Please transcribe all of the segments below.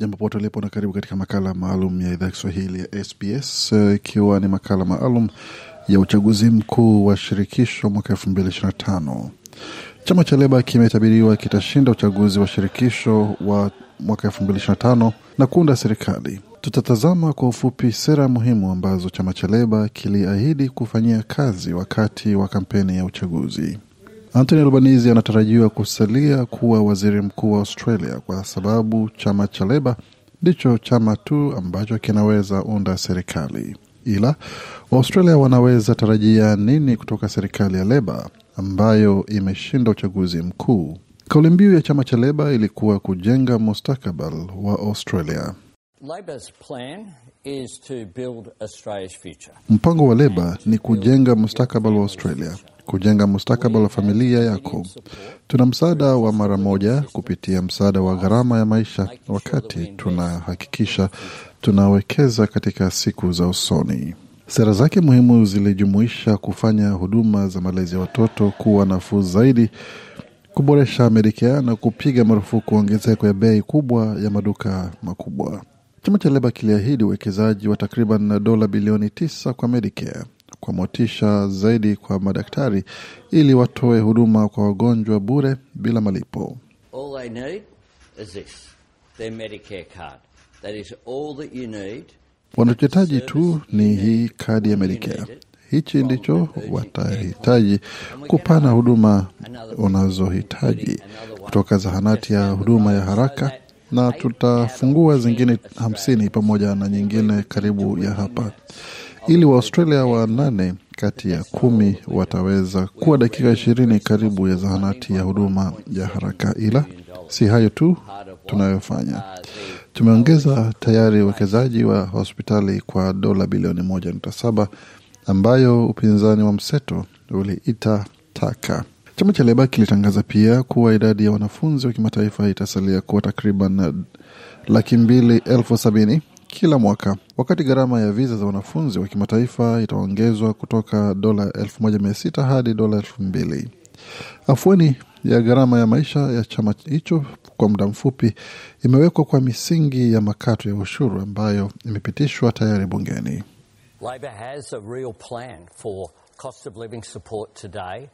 Jambo pote ulipo na karibu katika makala maalum ya idhaa Kiswahili ya SBS, eh, ikiwa ni makala maalum ya uchaguzi mkuu wa shirikisho mwaka elfu mbili ishirini na tano. Chama cha Leba kimetabiriwa kitashinda uchaguzi wa shirikisho wa mwaka elfu mbili ishirini na tano na kuunda serikali. Tutatazama kwa ufupi sera muhimu ambazo chama cha Leba kiliahidi kufanyia kazi wakati wa kampeni ya uchaguzi. Anthony Albanese anatarajiwa kusalia kuwa waziri mkuu wa Australia kwa sababu chama cha Leba ndicho chama tu ambacho kinaweza unda serikali. Ila Waustralia wanaweza tarajia nini kutoka serikali ya Leba ambayo imeshinda uchaguzi mkuu? Kauli mbiu ya chama cha Leba ilikuwa kujenga mustakabali wa Australia. Mpango wa Leba ni kujenga mustakabali wa Australia kujenga mustakabali wa familia yako. Tuna msaada wa mara moja kupitia msaada wa gharama ya maisha, wakati tunahakikisha tunawekeza katika siku za usoni. Sera zake muhimu zilijumuisha kufanya huduma za malezi ya watoto kuwa nafuu zaidi, kuboresha Medicare na kupiga marufuku ongezeko ya bei kubwa ya maduka makubwa. Chama cha Leba kiliahidi uwekezaji wa takriban dola bilioni tisa kwa Medicare kwa motisha zaidi kwa madaktari ili watoe huduma kwa wagonjwa bure bila malipo. Wanachohitaji tu ni hii kadi ya Medicare. Hichi ndicho watahitaji kupana huduma unazohitaji kutoka zahanati ya huduma ya haraka na tutafungua zingine hamsini pamoja na nyingine karibu ya hapa ili Waaustralia wanane kati ya kumi wataweza kuwa dakika ishirini karibu ya zahanati ya huduma ya haraka. Ila si hayo tu tunayofanya, tumeongeza tayari uwekezaji wa hospitali kwa dola bilioni moja nukta saba ambayo upinzani wa mseto uliita taka. Chama cha Leba kilitangaza pia kuwa idadi ya wanafunzi wa kimataifa itasalia kuwa takriban laki mbili elfu sabini kila mwaka, wakati gharama ya viza za wanafunzi wa kimataifa itaongezwa kutoka dola 1600 hadi dola 2000. Afueni ya gharama ya maisha ya chama hicho kwa muda mfupi imewekwa kwa misingi ya makato ya ushuru ambayo imepitishwa tayari bungeni. Labor has a real plan for cost of living support today.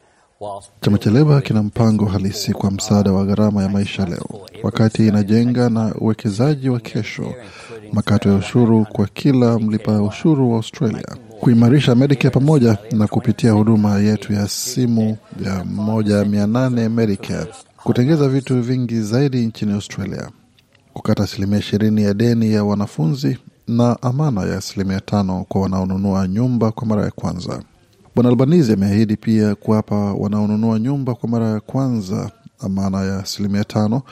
Chama cha Leba kina mpango halisi kwa msaada wa gharama ya maisha leo, wakati inajenga na uwekezaji wa kesho, makato ya ushuru kwa kila mlipa ushuru wa Australia, kuimarisha Medicare pamoja na kupitia huduma yetu ya simu ya moja mia nane Medicare, kutengeza vitu vingi zaidi nchini Australia, kukata asilimia ishirini ya deni ya wanafunzi na amana ya asilimia tano kwa wanaonunua nyumba kwa mara ya kwanza. Bwana Albanizi ameahidi pia kuwapa wanaonunua nyumba kwa mara ya kwanza amana ya asilimia tano,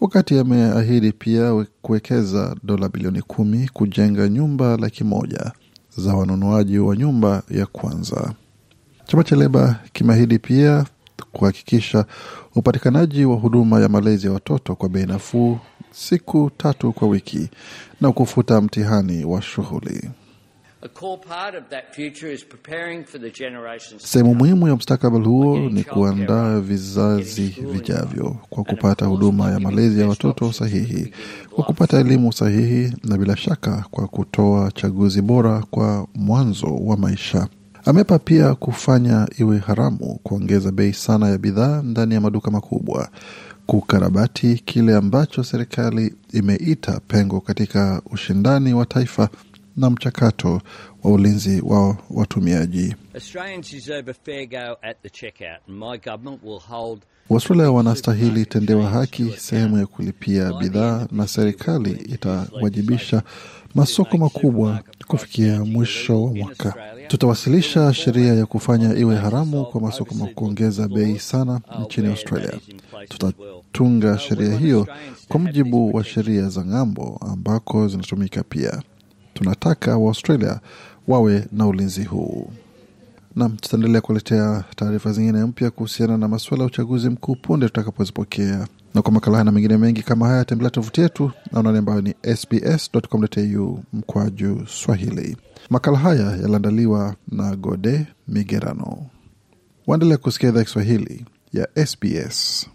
wakati ameahidi pia kuwekeza dola bilioni kumi kujenga nyumba laki moja za wanunuaji wa nyumba ya kwanza. Chama cha Leba kimeahidi pia kuhakikisha upatikanaji wa huduma ya malezi ya watoto kwa bei nafuu siku tatu kwa wiki na kufuta mtihani wa shughuli. Sehemu muhimu ya mustakabali huo ni kuandaa vizazi vijavyo kwa kupata huduma ya malezi ya watoto sahihi, kwa kupata elimu sahihi, na bila shaka kwa kutoa chaguzi bora kwa mwanzo wa maisha. Amepa pia kufanya iwe haramu kuongeza bei sana ya bidhaa ndani ya maduka makubwa, kukarabati kile ambacho serikali imeita pengo katika ushindani wa taifa na mchakato wa ulinzi wa watumiaji. Waustralia wanastahili tendewa haki sehemu ya kulipia bidhaa, na serikali itawajibisha masoko makubwa kufikia mwisho wa mwaka. Tutawasilisha sheria ya kufanya iwe haramu kwa masoko ma kuongeza bei sana nchini Australia. Tutatunga sheria hiyo kwa mujibu wa sheria za ng'ambo ambako zinatumika pia tunataka Waaustralia wawe na ulinzi huu. Nam, tutaendelea kuletea taarifa zingine mpya kuhusiana na masuala ya uchaguzi mkuu punde tutakapozipokea. Na kwa makala haya na mengine mengi kama haya, tembelea tovuti yetu anwani ambayo ni sbs.com.au mkwaju Swahili. Makala haya yaliandaliwa na Gode Migerano. Waendelea kusikia idhaa Kiswahili ya SBS.